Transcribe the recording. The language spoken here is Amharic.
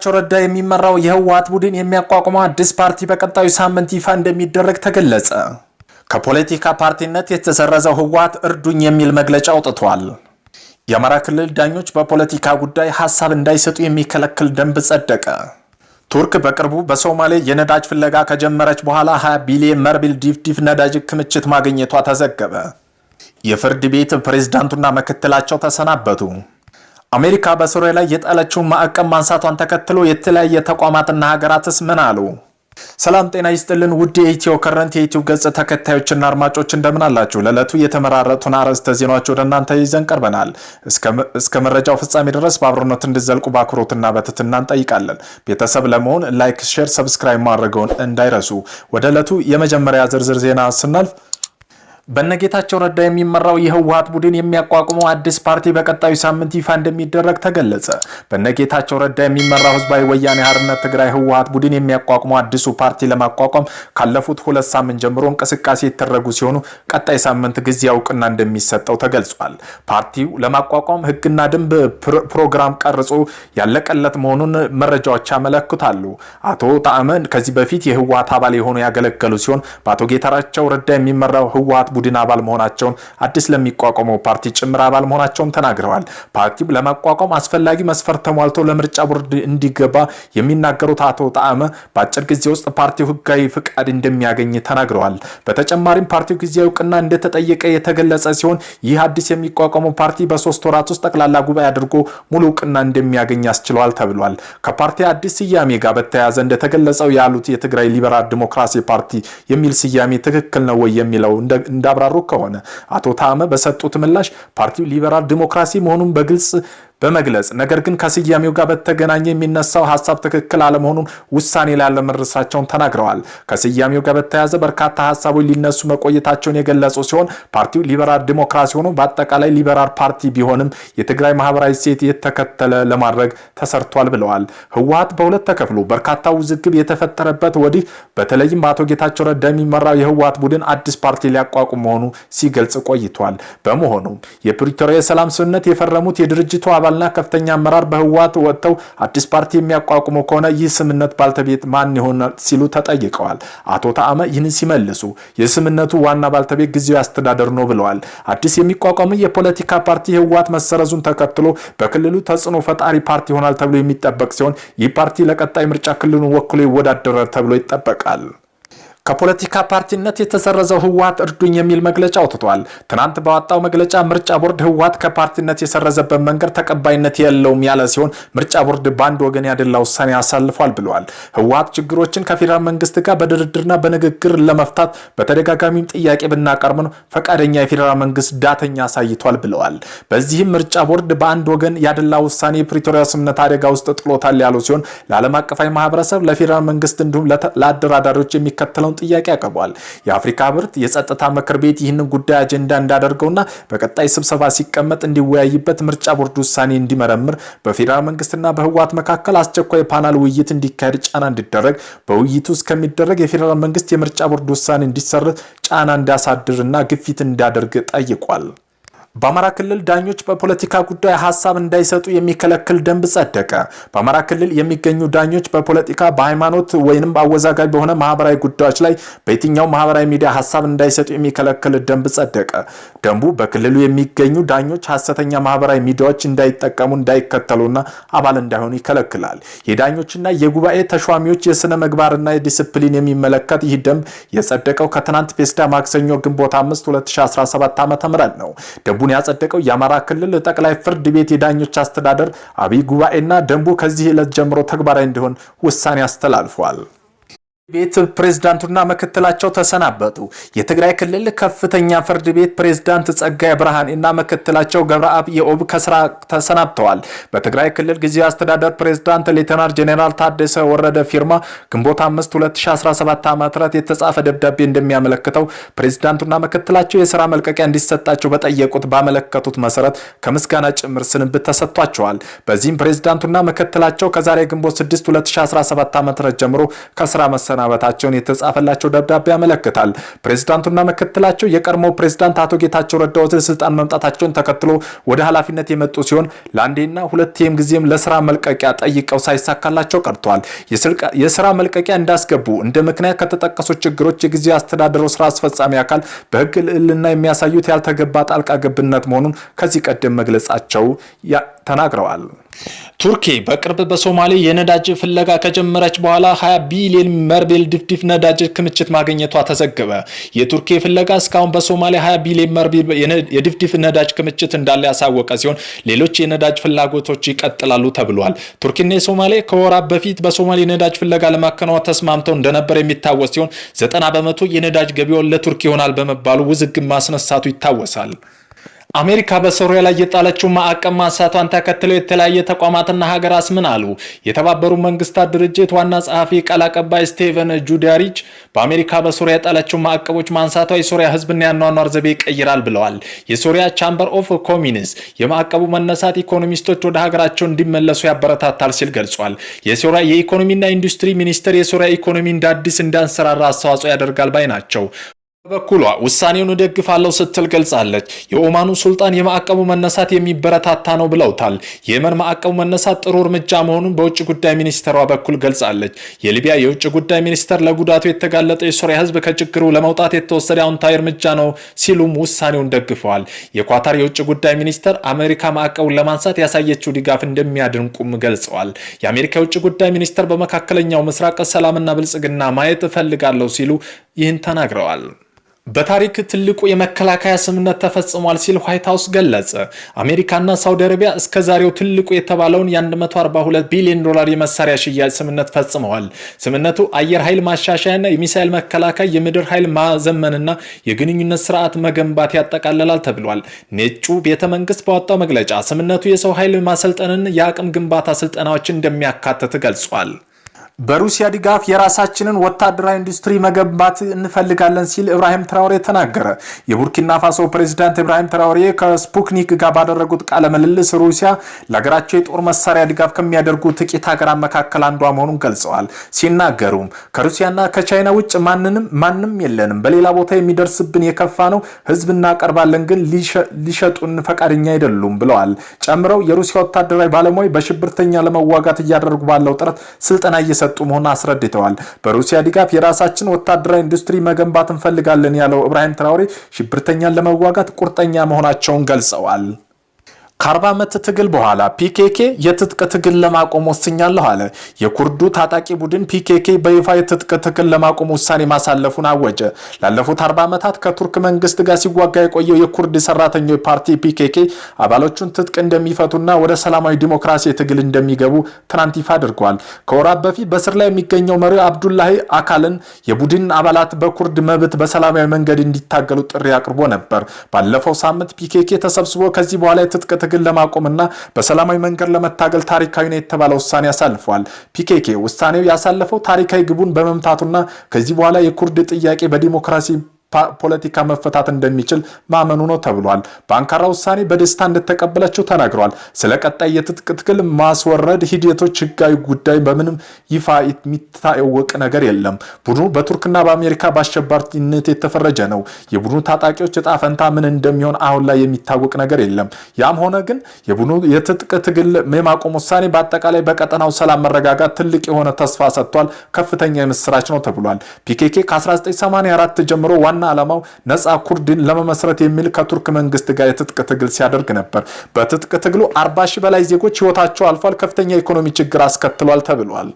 በጌታቸው ረዳ የሚመራው የህወሀት ቡድን የሚያቋቁመው አዲስ ፓርቲ በቀጣዩ ሳምንት ይፋ እንደሚደረግ ተገለጸ። ከፖለቲካ ፓርቲነት የተሰረዘው ህወሀት እርዱኝ የሚል መግለጫ አውጥቷል። የአማራ ክልል ዳኞች በፖለቲካ ጉዳይ ሀሳብ እንዳይሰጡ የሚከለክል ደንብ ጸደቀ። ቱርክ በቅርቡ በሶማሌ የነዳጅ ፍለጋ ከጀመረች በኋላ 20 ቢሊዮን መርቢል ዲፍዲፍ ነዳጅ ክምችት ማግኘቷ ተዘገበ። የፍርድ ቤት ፕሬዝዳንቱና ምክትላቸው ተሰናበቱ። አሜሪካ በሶሪያ ላይ የጣለችውን ማዕቀብ ማንሳቷን ተከትሎ የተለያየ ተቋማትና ሀገራትስ ምን አሉ? ሰላም ጤና ይስጥልን ውድ የኢትዮ ከረንት የዩቲዩብ ገጽ ተከታዮችና አድማጮች እንደምን አላችሁ? ለዕለቱ የተመራረጡን አርዕስተ ዜናዎች ወደ እናንተ ይዘን ቀርበናል። እስከ መረጃው ፍጻሜ ድረስ በአብሮነት እንዲዘልቁ በአክብሮትና በትትና እንጠይቃለን። ቤተሰብ ለመሆን ላይክ፣ ሼር፣ ሰብስክራይብ ማድረገውን እንዳይረሱ። ወደ ዕለቱ የመጀመሪያ ዝርዝር ዜና ስናልፍ በነጌታቸው ረዳ የሚመራው የህወሀት ቡድን የሚያቋቁመው አዲስ ፓርቲ በቀጣዩ ሳምንት ይፋ እንደሚደረግ ተገለጸ። በነጌታቸው ረዳ የሚመራው ህዝባዊ ወያኔ ሀርነት ትግራይ ህወሀት ቡድን የሚያቋቁመው አዲሱ ፓርቲ ለማቋቋም ካለፉት ሁለት ሳምንት ጀምሮ እንቅስቃሴ የተደረጉ ሲሆኑ ቀጣይ ሳምንት ጊዜ እውቅና እንደሚሰጠው ተገልጿል። ፓርቲው ለማቋቋም ህግና ደንብ ፕሮግራም ቀርጾ ያለቀለት መሆኑን መረጃዎች ያመለክታሉ። አቶ ጣዕመ ከዚህ በፊት የህወሀት አባል የሆኑ ያገለገሉ ሲሆን በአቶ ጌታቸው ረዳ የሚመራው ህወሀት ቡድን አባል መሆናቸውን፣ አዲስ ለሚቋቋመው ፓርቲ ጭምር አባል መሆናቸውን ተናግረዋል። ፓርቲ ለመቋቋም አስፈላጊ መስፈርት ተሟልቶ ለምርጫ ቦርድ እንዲገባ የሚናገሩት አቶ ጣዕመ በአጭር ጊዜ ውስጥ ፓርቲው ህጋዊ ፍቃድ እንደሚያገኝ ተናግረዋል። በተጨማሪም ፓርቲው ጊዜ እውቅና እንደተጠየቀ የተገለጸ ሲሆን ይህ አዲስ የሚቋቋመው ፓርቲ በሶስት ወራት ውስጥ ጠቅላላ ጉባኤ አድርጎ ሙሉ እውቅና እንደሚያገኝ አስችለዋል ተብሏል። ከፓርቲ አዲስ ስያሜ ጋር በተያያዘ እንደተገለጸው ያሉት የትግራይ ሊበራል ዲሞክራሲ ፓርቲ የሚል ስያሜ ትክክል ነው ወይ የሚለው እንደ እንዳብራሩ ከሆነ አቶ ታመ በሰጡት ምላሽ ፓርቲው ሊበራል ዲሞክራሲ መሆኑን በግልጽ በመግለጽ ነገር ግን ከስያሜው ጋር በተገናኘ የሚነሳው ሀሳብ ትክክል አለመሆኑን ውሳኔ ላይ አለመድረሳቸውን ተናግረዋል። ከስያሜው ጋር በተያያዘ በርካታ ሀሳቦች ሊነሱ መቆየታቸውን የገለጹ ሲሆን ፓርቲው ሊበራል ዲሞክራሲ ሆኖ በአጠቃላይ ሊበራል ፓርቲ ቢሆንም የትግራይ ማህበራዊ ሴት የተከተለ ለማድረግ ተሰርቷል ብለዋል። ህወሀት በሁለት ተከፍሎ በርካታ ውዝግብ የተፈጠረበት ወዲህ በተለይም በአቶ ጌታቸው ረዳ የሚመራው የህወሀት ቡድን አዲስ ፓርቲ ሊያቋቁም መሆኑ ሲገልጽ ቆይቷል። በመሆኑ የፕሪቶሪያ የሰላም ስምምነት የፈረሙት የድርጅቱ አባል አባልና ከፍተኛ አመራር በህወሓት ወጥተው አዲስ ፓርቲ የሚያቋቁሙ ከሆነ ይህ ስምነት ባልተቤት ማን ይሆናል ሲሉ ተጠይቀዋል። አቶ ተአመ ይህን ሲመልሱ የስምነቱ ዋና ባልተቤት ጊዜያዊ አስተዳደር ነው ብለዋል። አዲስ የሚቋቋሙ የፖለቲካ ፓርቲ ህወሓት መሰረዙን ተከትሎ በክልሉ ተጽዕኖ ፈጣሪ ፓርቲ ይሆናል ተብሎ የሚጠበቅ ሲሆን ይህ ፓርቲ ለቀጣይ ምርጫ ክልሉን ወክሎ ይወዳደራል ተብሎ ይጠበቃል። ከፖለቲካ ፓርቲነት የተሰረዘው ህወሀት እርዱኝ የሚል መግለጫ አውጥቷል። ትናንት ባወጣው መግለጫ ምርጫ ቦርድ ህወሀት ከፓርቲነት የሰረዘበት መንገድ ተቀባይነት የለውም ያለ ሲሆን ምርጫ ቦርድ በአንድ ወገን ያደላ ውሳኔ አሳልፏል ብለዋል። ህወሀት ችግሮችን ከፌዴራል መንግስት ጋር በድርድርና በንግግር ለመፍታት በተደጋጋሚም ጥያቄ ብናቀርብ ነው ፈቃደኛ የፌዴራል መንግስት ዳተኛ አሳይቷል ብለዋል። በዚህም ምርጫ ቦርድ በአንድ ወገን ያደላ ውሳኔ የፕሪቶሪያ ስምምነት አደጋ ውስጥ ጥሎታል ያሉ ሲሆን ለዓለም አቀፋዊ ማህበረሰብ፣ ለፌዴራል መንግስት እንዲሁም ለአደራዳሪዎች የሚከተለው የሚለውን ጥያቄ ያቀርበዋል። የአፍሪካ ህብረት የጸጥታ ምክር ቤት ይህንን ጉዳይ አጀንዳ እንዳደርገውና በቀጣይ ስብሰባ ሲቀመጥ እንዲወያይበት ምርጫ ቦርድ ውሳኔ እንዲመረምር በፌዴራል መንግስትና በህወሓት መካከል አስቸኳይ ፓናል ውይይት እንዲካሄድ ጫና እንዲደረግ በውይይቱ እስከሚደረግ የፌዴራል መንግስት የምርጫ ቦርድ ውሳኔ እንዲሰርዝ ጫና እንዲያሳድርና ግፊት እንዲያደርግ ጠይቋል። በአማራ ክልል ዳኞች በፖለቲካ ጉዳይ ሀሳብ እንዳይሰጡ የሚከለክል ደንብ ጸደቀ። በአማራ ክልል የሚገኙ ዳኞች በፖለቲካ፣ በሃይማኖት ወይንም አወዛጋጅ በሆነ ማህበራዊ ጉዳዮች ላይ በየትኛው ማህበራዊ ሚዲያ ሀሳብ እንዳይሰጡ የሚከለክል ደንብ ጸደቀ። ደንቡ በክልሉ የሚገኙ ዳኞች ሀሰተኛ ማህበራዊ ሚዲያዎች እንዳይጠቀሙ፣ እንዳይከተሉና አባል እንዳይሆኑ ይከለክላል። የዳኞችና የጉባኤ ተሿሚዎች የስነ ምግባርና የዲስፕሊን የሚመለከት ይህ ደንብ የጸደቀው ከትናንት ፔስዳ ማክሰኞ ግንቦት 5 2017 ዓ.ም ነው። ደንቡን ያጸደቀው የአማራ ክልል ጠቅላይ ፍርድ ቤት የዳኞች አስተዳደር አብይ ጉባኤና ደንቡ ከዚህ ዕለት ጀምሮ ተግባራዊ እንዲሆን ውሳኔ አስተላልፏል። ቤት ፕሬዝዳንቱና ምክትላቸው ተሰናበቱ። የትግራይ ክልል ከፍተኛ ፍርድ ቤት ፕሬዝዳንት ጸጋይ ብርሃን እና ምክትላቸው ገብረአብ የኦብ ከስራ ተሰናብተዋል። በትግራይ ክልል ጊዜ አስተዳደር ፕሬዝዳንት ሌተናር ጄኔራል ታደሰ ወረደ ፊርማ ግንቦት 5 2017 ዓ ም የተጻፈ ደብዳቤ እንደሚያመለክተው ፕሬዝዳንቱና ምክትላቸው የስራ መልቀቂያ እንዲሰጣቸው በጠየቁት ባመለከቱት መሰረት ከምስጋና ጭምር ስንብት ተሰጥቷቸዋል። በዚህም ፕሬዝዳንቱና ምክትላቸው ከዛሬ ግንቦት 6 2017 ዓ ም ጀምሮ ከስራ መሰናበ መሰናበታቸውን የተጻፈላቸው ደብዳቤ ያመለክታል። ፕሬዝዳንቱና ምክትላቸው የቀድሞ ፕሬዝዳንት አቶ ጌታቸው ረዳ ወደ ስልጣን መምጣታቸውን ተከትሎ ወደ ኃላፊነት የመጡ ሲሆን ለአንዴና ሁለቴም ጊዜም ለስራ መልቀቂያ ጠይቀው ሳይሳካላቸው ቀርተዋል። የስራ መልቀቂያ እንዳስገቡ እንደ ምክንያት ከተጠቀሱ ችግሮች የጊዜ አስተዳደሩ ስራ አስፈጻሚ አካል በህግ ልዕልና የሚያሳዩት ያልተገባ ጣልቃ ገብነት መሆኑን ከዚህ ቀደም መግለጻቸው ተናግረዋል። ቱርኪ በቅርብ በሶማሌ የነዳጅ ፍለጋ ከጀመረች በኋላ 20 ቢሊዮን መር የባርቤል ድፍድፍ ነዳጅ ክምችት ማግኘቷ ተዘገበ። የቱርኪ ፍለጋ እስካሁን በሶማሊያ 20 ቢሊዮን ባርቤል የድፍድፍ ነዳጅ ክምችት እንዳለ ያሳወቀ ሲሆን ሌሎች የነዳጅ ፍላጎቶች ይቀጥላሉ ተብሏል። ቱርኪና የሶማሌ ከወራት በፊት በሶማሌ ነዳጅ ፍለጋ ለማከናወን ተስማምተው እንደነበር የሚታወስ ሲሆን ዘጠና በመቶ የነዳጅ ገቢውን ለቱርክ ይሆናል በመባሉ ውዝግብ ማስነሳቱ ይታወሳል። አሜሪካ በሶሪያ ላይ የጣለችው ማዕቀብ ማንሳቷን ተከትለው የተለያየ ተቋማትና ሀገራት ምን አሉ? የተባበሩ መንግስታት ድርጅት ዋና ጸሐፊ ቃል አቀባይ ስቴቨን ጁዲያሪች በአሜሪካ በሶሪያ የጣለችው ማዕቀቦች ማንሳቷ የሶሪያ ህዝብና ያኗኗር ዘቤ ይቀይራል ብለዋል። የሶሪያ ቻምበር ኦፍ ኮሚኒስ የማዕቀቡ መነሳት ኢኮኖሚስቶች ወደ ሀገራቸው እንዲመለሱ ያበረታታል ሲል ገልጿል። የሶሪያ የኢኮኖሚና ኢንዱስትሪ ሚኒስትር የሶሪያ ኢኮኖሚ እንደ አዲስ እንዳንሰራራ አስተዋጽኦ ያደርጋል ባይ ናቸው። በበኩሏ ውሳኔውን እደግፋለሁ ስትል ገልጻለች። የኦማኑ ሱልጣን የማዕቀቡ መነሳት የሚበረታታ ነው ብለውታል። የየመን ማዕቀቡ መነሳት ጥሩ እርምጃ መሆኑን በውጭ ጉዳይ ሚኒስትሯ በኩል ገልጻለች። የሊቢያ የውጭ ጉዳይ ሚኒስተር ለጉዳቱ የተጋለጠ የሶሪያ ሕዝብ ከችግሩ ለመውጣት የተወሰደ አዎንታዊ እርምጃ ነው ሲሉም ውሳኔውን ደግፈዋል። የኳታር የውጭ ጉዳይ ሚኒስተር አሜሪካ ማዕቀቡን ለማንሳት ያሳየችው ድጋፍ እንደሚያድንቁም ገልጸዋል። የአሜሪካ የውጭ ጉዳይ ሚኒስተር በመካከለኛው ምስራቅ ሰላምና ብልጽግና ማየት እፈልጋለሁ ሲሉ ይህን ተናግረዋል። በታሪክ ትልቁ የመከላከያ ስምምነት ተፈጽሟል ሲል ዋይት ሀውስ ገለጸ። አሜሪካና ሳውዲ አረቢያ እስከ ዛሬው ትልቁ የተባለውን የ142 ቢሊዮን ዶላር የመሳሪያ ሽያጭ ስምምነት ፈጽመዋል። ስምምነቱ አየር ኃይል ማሻሻያና የሚሳይል መከላከያ፣ የምድር ኃይል ማዘመንና የግንኙነት ስርዓት መገንባት ያጠቃልላል ተብሏል። ነጩ ቤተ መንግስት ባወጣው መግለጫ ስምምነቱ የሰው ኃይል ማሰልጠንን፣ የአቅም ግንባታ ስልጠናዎችን እንደሚያካትት ገልጿል። በሩሲያ ድጋፍ የራሳችንን ወታደራዊ ኢንዱስትሪ መገንባት እንፈልጋለን ሲል ኢብራሂም ትራውሬ ተናገረ። የቡርኪና ፋሶ ፕሬዚዳንት ኢብራሂም ትራውሬ ከስፑትኒክ ጋር ባደረጉት ቃለ ምልልስ ሩሲያ ለሀገራቸው የጦር መሳሪያ ድጋፍ ከሚያደርጉ ጥቂት ሀገራት መካከል አንዷ መሆኑን ገልጸዋል። ሲናገሩም ከሩሲያና ከቻይና ውጭ ማንንም ማንም የለንም። በሌላ ቦታ የሚደርስብን የከፋ ነው። ህዝብ እናቀርባለን፣ ግን ሊሸጡን ፈቃደኛ አይደሉም ብለዋል። ጨምረው የሩሲያ ወታደራዊ ባለሙያ በሽብርተኛ ለመዋጋት እያደረጉ ባለው ጥረት ስልጠና እየሰጡ እየሰጡ መሆኑን አስረድተዋል። በሩሲያ ድጋፍ የራሳችን ወታደራዊ ኢንዱስትሪ መገንባት እንፈልጋለን ያለው ኢብራሂም ትራውሬ ሽብርተኛን ለመዋጋት ቁርጠኛ መሆናቸውን ገልጸዋል። ከአርባ ዓመት ትግል በኋላ ፒኬኬ የትጥቅ ትግል ለማቆም ወስኛለሁ አለ። የኩርዱ ታጣቂ ቡድን ፒኬኬ በይፋ የትጥቅ ትግል ለማቆም ውሳኔ ማሳለፉን አወጀ። ላለፉት 40 ዓመታት ከቱርክ መንግስት ጋር ሲዋጋ የቆየው የኩርድ ሰራተኞች ፓርቲ ፒኬኬ አባሎቹን ትጥቅ እንደሚፈቱና ወደ ሰላማዊ ዲሞክራሲ ትግል እንደሚገቡ ትናንት ይፋ አድርገዋል። ከወራት በፊት በስር ላይ የሚገኘው መሪው አብዱላሂ አካልን የቡድን አባላት በኩርድ መብት በሰላማዊ መንገድ እንዲታገሉ ጥሪ አቅርቦ ነበር። ባለፈው ሳምንት ፒኬኬ ተሰብስቦ ከዚህ በኋላ የትጥቅ ማድረግን ለማቆምና በሰላማዊ መንገድ ለመታገል ታሪካዊ ነው የተባለ ውሳኔ አሳልፏል። ፒኬኬ ውሳኔው ያሳለፈው ታሪካዊ ግቡን በመምታቱና ከዚህ በኋላ የኩርድ ጥያቄ በዲሞክራሲ ፖለቲካ መፈታት እንደሚችል ማመኑ ነው ተብሏል። በአንካራ ውሳኔ በደስታ እንደተቀበለችው ተናግረዋል። ስለ ቀጣይ የትጥቅ ትግል ማስወረድ ሂደቶች ህጋዊ ጉዳይ በምንም ይፋ የሚታወቅ ነገር የለም። ቡድኑ በቱርክና በአሜሪካ በአሸባሪነት የተፈረጀ ነው። የቡድኑ ታጣቂዎች እጣ ፈንታ ምን እንደሚሆን አሁን ላይ የሚታወቅ ነገር የለም። ያም ሆነ ግን የቡድኑ የትጥቅ ትግል የማቆም ውሳኔ በአጠቃላይ በቀጠናው ሰላም፣ መረጋጋት ትልቅ የሆነ ተስፋ ሰጥቷል። ከፍተኛ የምስራች ነው ተብሏል። ፒኬኬ ከ1984 ጀምሮ ዋና ዋና ዓላማው ነፃ ኩርድን ለመመስረት የሚል ከቱርክ መንግስት ጋር የትጥቅ ትግል ሲያደርግ ነበር። በትጥቅ ትግሉ አርባ ሺህ በላይ ዜጎች ህይወታቸው አልፏል፣ ከፍተኛ የኢኮኖሚ ችግር አስከትሏል ተብሏል።